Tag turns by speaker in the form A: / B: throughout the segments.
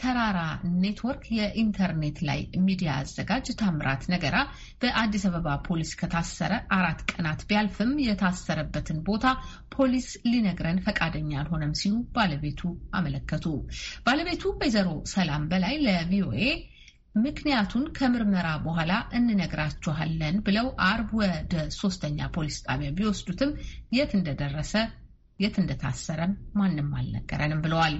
A: ተራራ ኔትወርክ የኢንተርኔት ላይ ሚዲያ አዘጋጅ ታምራት ነገራ በአዲስ አበባ ፖሊስ ከታሰረ አራት ቀናት ቢያልፍም የታሰረበትን ቦታ ፖሊስ ሊነግረን ፈቃደኛ አልሆነም ሲሉ ባለቤቱ አመለከቱ። ባለቤቱ ወይዘሮ ሰላም በላይ ለቪኦኤ ምክንያቱን ከምርመራ በኋላ እንነግራችኋለን ብለው አርብ ወደ ሶስተኛ ፖሊስ ጣቢያ ቢወስዱትም የት እንደደረሰ የት እንደታሰረም ማንም አልነገረንም ብለዋል።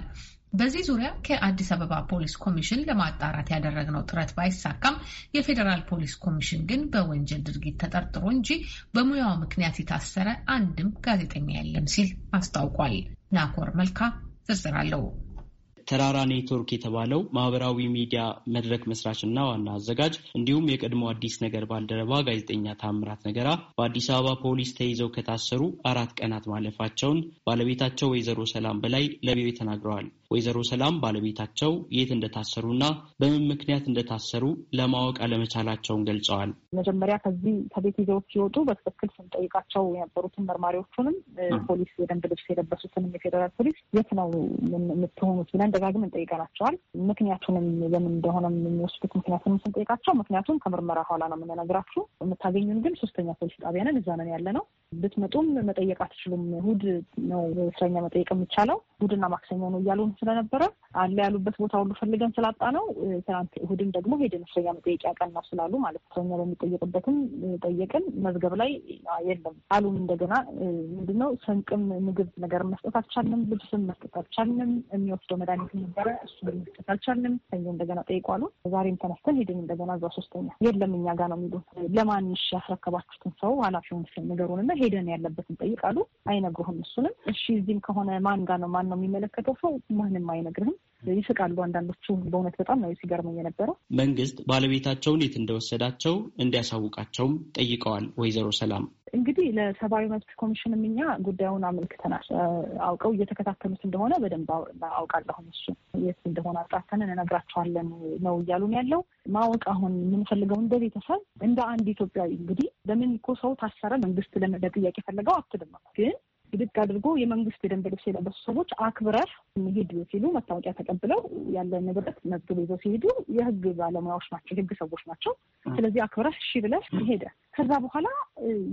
A: በዚህ ዙሪያ ከአዲስ አበባ ፖሊስ ኮሚሽን ለማጣራት ያደረግነው ጥረት ባይሳካም የፌዴራል ፖሊስ ኮሚሽን ግን በወንጀል ድርጊት ተጠርጥሮ እንጂ በሙያው ምክንያት የታሰረ አንድም ጋዜጠኛ የለም ሲል አስታውቋል። ናኮር መልካ ዝርዝር አለው።
B: ተራራ ኔትወርክ የተባለው ማህበራዊ ሚዲያ መድረክ መስራችና ዋና አዘጋጅ እንዲሁም የቀድሞ አዲስ ነገር ባልደረባ ጋዜጠኛ ታምራት ነገራ በአዲስ አበባ ፖሊስ ተይዘው ከታሰሩ አራት ቀናት ማለፋቸውን ባለቤታቸው ወይዘሮ ሰላም በላይ ለቪኦኤ ተናግረዋል። ወይዘሮ ሰላም ባለቤታቸው የት እንደታሰሩና በምን ምክንያት እንደታሰሩ ለማወቅ አለመቻላቸውን ገልጸዋል።
C: መጀመሪያ ከዚህ ከቤት ይዘው ሲወጡ በትክክል ስንጠይቃቸው የነበሩትን መርማሪዎቹንም ፖሊስ የደንብ ልብስ የለበሱትንም የፌደራል ፖሊስ የት ነው የምትሆኑት ብለን ደጋግመን ጠይቀናቸዋል። ምክንያቱንም ለምን እንደሆነ የሚወስዱት ምክንያቱን ስንጠይቃቸው ምክንያቱም ከምርመራ ኋላ ነው የምንነግራችሁ፣ የምታገኙን ግን ሶስተኛ ፖሊስ ጣቢያ ነን፣ እዛ ነን ያለ ነው። ብትመጡም መጠየቅ አትችሉም፣ እሁድ ነው እስረኛ መጠየቅ የሚቻለው እሁድና ማክሰኞ ነው እያሉን ስለነበረ አለ ያሉበት ቦታ ሁሉ ፈልገን ስላጣ ነው ትናንት እሑድም ደግሞ ሄደን እስረኛ መጠየቂያ ቀን ነው ስላሉ ማለት እስረኛ በሚጠየቅበትም ጠየቅን፣ መዝገብ ላይ የለም አሉን። እንደገና ምንድነው ስንቅም ምግብ ነገር መስጠት አልቻልንም፣ ልብስም መስጠት አልቻልንም፣ የሚወስደው መድኃኒት ተጠርቶ ነበረ። እሱ ልንመለከት አልቻልንም። ሰኞ እንደገና ጠይቋሉ። ዛሬም ተነስተን ሄድን እንደገና እዛ ሶስተኛ የለም እኛ ጋር ነው የሚሉ ለማንሽ ያስረከባችሁትን ሰው ኃላፊውን ነገሩን እና ሄደን ያለበትን ጠይቃሉ። አይነግሩህም። እሱንም እሺ እዚህም ከሆነ ማን ጋር ነው ማን ነው የሚመለከተው ሰው ማንም አይነግርህም። ይስቃሉ። አንዳንዶቹ በእውነት በጣም ነው ሲገርመኝ የነበረው።
B: መንግስት ባለቤታቸውን የት እንደወሰዳቸው እንዲያሳውቃቸውም ጠይቀዋል ወይዘሮ ሰላም።
C: እንግዲህ ለሰብአዊ መብት ኮሚሽንም እኛ ጉዳዩን አመልክተናል። አውቀው እየተከታተሉት እንደሆነ በደንብ አውቃለሁ። እሱ የት እንደሆነ አጣርተን እነግራቸዋለን ነው እያሉን ያለው። ማወቅ አሁን የምንፈልገው እንደ ቤተሰብ እንደ አንድ ኢትዮጵያዊ እንግዲህ በምን እኮ ሰው ታሰረ መንግስት ለጥያቄ የፈለገው አትልም ግን ብድግ አድርጎ የመንግስት የደንብ ልብስ የለበሱ ሰዎች አክብረህ ሂድ ሲሉ መታወቂያ ተቀብለው ያለ ንብረት መዝግብ ይዘው ሲሄዱ የህግ ባለሙያዎች ናቸው፣ የህግ ሰዎች ናቸው። ስለዚህ አክብረህ እሺ ብለህ ሄደ። ከዛ በኋላ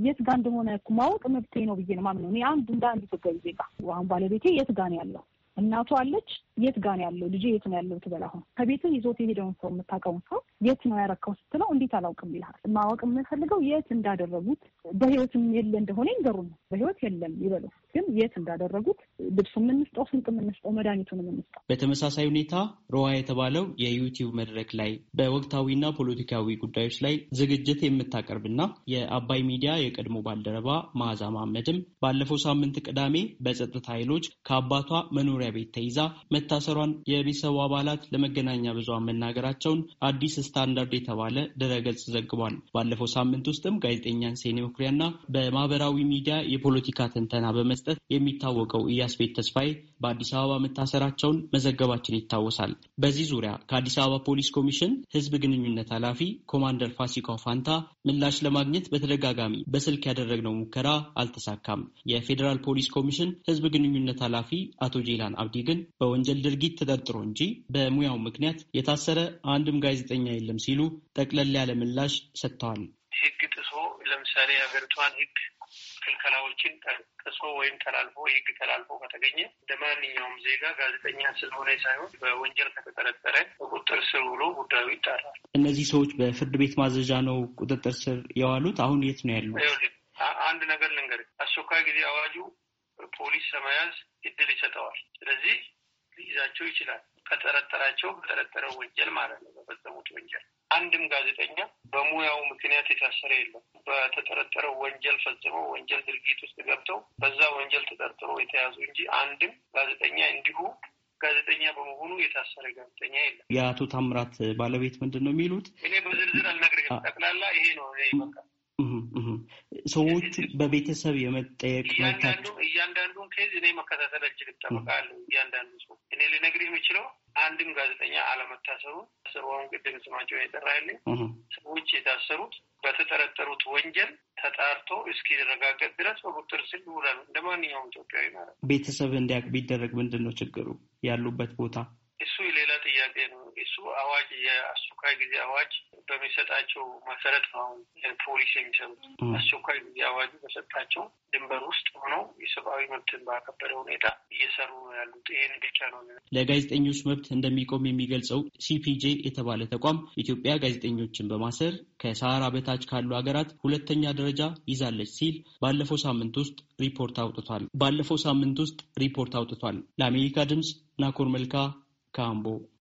C: የት ጋ እንደሆነ ማወቅ መብቴ ነው ብዬ ነው ማምነው። አንዱ እንደ አንድ ኢትዮጵያዊ ዜጋ አሁን ባለቤቴ የት ጋ ነው ያለው? እናቱ አለች፣ የት ጋን ያለው ልጅ የት ነው ያለው ትበል። አሁን ከቤት ይዞት የሄደውን ሰው የምታውቀውን ሰው የት ነው ያረካው ስትለው እንዴት አላውቅም ይልሃል። ማወቅ የምንፈልገው የት እንዳደረጉት በህይወትም የለ እንደሆነ ነው። በህይወት የለም ይበሉ፣ ግን የት እንዳደረጉት ልብሱ የምንስጠው፣ ስንቅ የምንስጠው፣ መድኃኒቱን የምንስጠው።
B: በተመሳሳይ ሁኔታ ሮሃ የተባለው የዩቲዩብ መድረክ ላይ በወቅታዊና ፖለቲካዊ ጉዳዮች ላይ ዝግጅት የምታቀርብና የአባይ ሚዲያ የቀድሞ ባልደረባ መዓዛ ማህመድም ባለፈው ሳምንት ቅዳሜ በጸጥታ ኃይሎች ከአባቷ መኖሪያ ቤት ተይዛ መታሰሯን የቤተሰቡ አባላት ለመገናኛ ብዙሃን መናገራቸውን አዲስ ስታንዳርድ የተባለ ድረገጽ ዘግቧል። ባለፈው ሳምንት ውስጥም ጋዜጠኛን ሴኔ መኩሪያና በማህበራዊ ሚዲያ የፖለቲካ ትንተና በመስጠት የሚታወቀው ቤት ተስፋዬ በአዲስ አበባ መታሰራቸውን መዘገባችን ይታወሳል። በዚህ ዙሪያ ከአዲስ አበባ ፖሊስ ኮሚሽን ህዝብ ግንኙነት ኃላፊ ኮማንደር ፋሲካው ፋንታ ምላሽ ለማግኘት በተደጋጋሚ በስልክ ያደረግነው ሙከራ አልተሳካም። የፌዴራል ፖሊስ ኮሚሽን ህዝብ ግንኙነት ኃላፊ አቶ ጄላን አብዲ ግን በወንጀል በወንጀል ድርጊት ተጠርጥሮ እንጂ በሙያው ምክንያት የታሰረ አንድም ጋዜጠኛ የለም ሲሉ ጠቅለል ያለ ምላሽ ሰጥተዋል። ህግ ጥሶ ለምሳሌ ሀገሪቷን ህግ ክልከላዎችን ጥሶ ወይም ተላልፎ ህግ ተላልፎ ከተገኘ እንደ ማንኛውም ዜጋ ጋዜጠኛ ስለሆነ ሳይሆን በወንጀል ከተጠረጠረ ቁጥጥር ስር ውሎ ጉዳዩ ይጣራል። እነዚህ ሰዎች በፍርድ ቤት ማዘዣ ነው ቁጥጥር ስር የዋሉት። አሁን የት ነው ያሉት? አንድ ነገር ልንገር፣ አስቸኳይ ጊዜ አዋጁ ፖሊስ ለመያዝ እድል ይሰጠዋል። ስለዚህ ሊይዛቸው ይችላል። ከጠረጠራቸው በጠረጠረው ወንጀል ማለት ነው፣ በፈጸሙት ወንጀል። አንድም
A: ጋዜጠኛ በሙያው ምክንያት የታሰረ የለም። በተጠረጠረው ወንጀል ፈጽመው ወንጀል ድርጊት ውስጥ ገብተው በዛ ወንጀል ተጠርጥሮ የተያዙ እንጂ አንድም ጋዜጠኛ እንዲሁ ጋዜጠኛ በመሆኑ የታሰረ ጋዜጠኛ የለም።
B: የአቶ ታምራት ባለቤት ምንድን ነው የሚሉት?
A: እኔ በዝርዝር አልነግርህም። ጠቅላላ ይሄ ነው። ይሄ በቃ
B: በቤተሰብ የመጠየቅ እያንዳንዱ ኬዝ እኔ መከታተል አልችልም፣ ጠበቃ እያንዳንዱ ሰው። እኔ ልነግርህ የምችለው አንድም ጋዜጠኛ አለመታሰሩ ስርዋን ቅድም
A: ስማቸው የጠራልኝ ሰዎች የታሰሩት በተጠረጠሩት ወንጀል ተጣርቶ እስኪረጋገጥ ድረስ በቁጥር ስር ይውላሉ፣ እንደ ማንኛውም ኢትዮጵያዊ ማለት
B: ቤተሰብ እንዲያውቅ ቢደረግ ምንድን ነው ችግሩ ያሉበት ቦታ?
A: እሱ የሌላ ጥያቄ ነው። እሱ አዋጅ የአስቸኳይ ጊዜ አዋጅ በሚሰጣቸው መሰረት ነው
B: ፖሊስ የሚሰሩት። አስቸኳይ ጊዜ አዋጁ በሰጣቸው ድንበር ውስጥ ሆነው የሰብአዊ
A: መብትን ባከበረ ሁኔታ እየሰሩ ያሉት ይህን ብቻ ነው።
B: ለጋዜጠኞች መብት እንደሚቆም የሚገልጸው ሲፒጄ የተባለ ተቋም ኢትዮጵያ ጋዜጠኞችን በማሰር ከሰሃራ በታች ካሉ ሀገራት ሁለተኛ ደረጃ ይዛለች ሲል ባለፈው ሳምንት ውስጥ ሪፖርት አውጥቷል። ባለፈው ሳምንት ውስጥ ሪፖርት አውጥቷል። ለአሜሪካ ድምፅ ናኮር መልካ ካምቦ